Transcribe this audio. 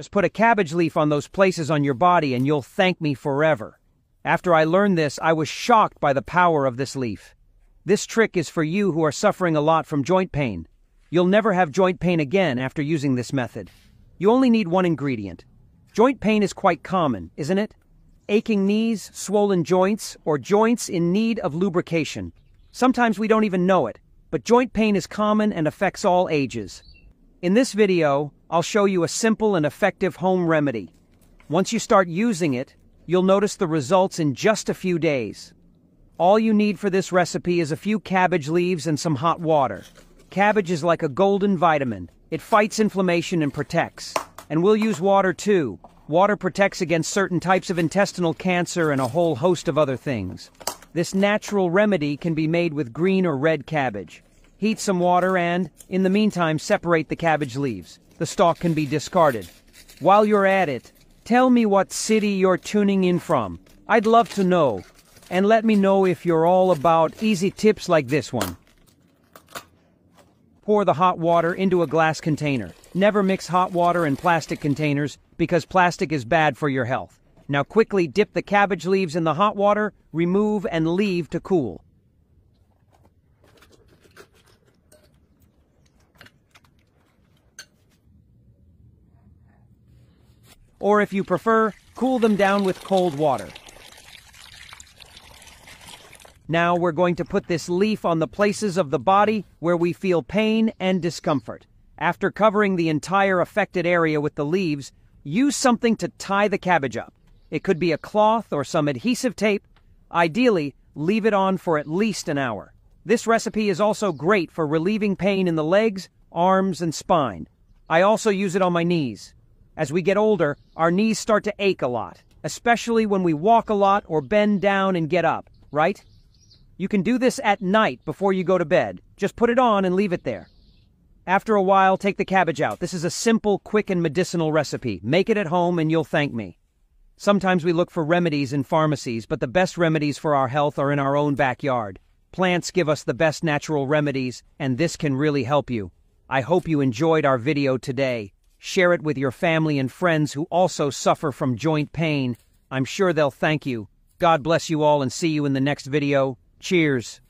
Just put a cabbage leaf on those places on your body and you'll thank me forever. After I learned this, I was shocked by the power of this leaf. This trick is for you who are suffering a lot from joint pain. You'll never have joint pain again after using this method. You only need one ingredient. Joint pain is quite common, isn't it? Aching knees, swollen joints, or joints in need of lubrication. Sometimes we don't even know it, but joint pain is common and affects all ages. In this video, I'll show you a simple and effective home remedy. Once you start using it, you'll notice the results in just a few days. All you need for this recipe is a few cabbage leaves and some hot water. Cabbage is like a golden vitamin. It fights inflammation and protects. And we'll use water too. Water protects against certain types of intestinal cancer and a whole host of other things. This natural remedy can be made with green or red cabbage. Heat some water and, in the meantime, separate the cabbage leaves the stock can be discarded. While you're at it, tell me what city you're tuning in from. I'd love to know. And let me know if you're all about easy tips like this one. Pour the hot water into a glass container. Never mix hot water and plastic containers because plastic is bad for your health. Now quickly dip the cabbage leaves in the hot water, remove and leave to cool. or if you prefer, cool them down with cold water. Now we're going to put this leaf on the places of the body where we feel pain and discomfort. After covering the entire affected area with the leaves, use something to tie the cabbage up. It could be a cloth or some adhesive tape. Ideally, leave it on for at least an hour. This recipe is also great for relieving pain in the legs, arms, and spine. I also use it on my knees. As we get older, our knees start to ache a lot, especially when we walk a lot or bend down and get up, right? You can do this at night before you go to bed. Just put it on and leave it there. After a while, take the cabbage out. This is a simple, quick, and medicinal recipe. Make it at home and you'll thank me. Sometimes we look for remedies in pharmacies, but the best remedies for our health are in our own backyard. Plants give us the best natural remedies, and this can really help you. I hope you enjoyed our video today. Share it with your family and friends who also suffer from joint pain. I'm sure they'll thank you. God bless you all and see you in the next video. Cheers.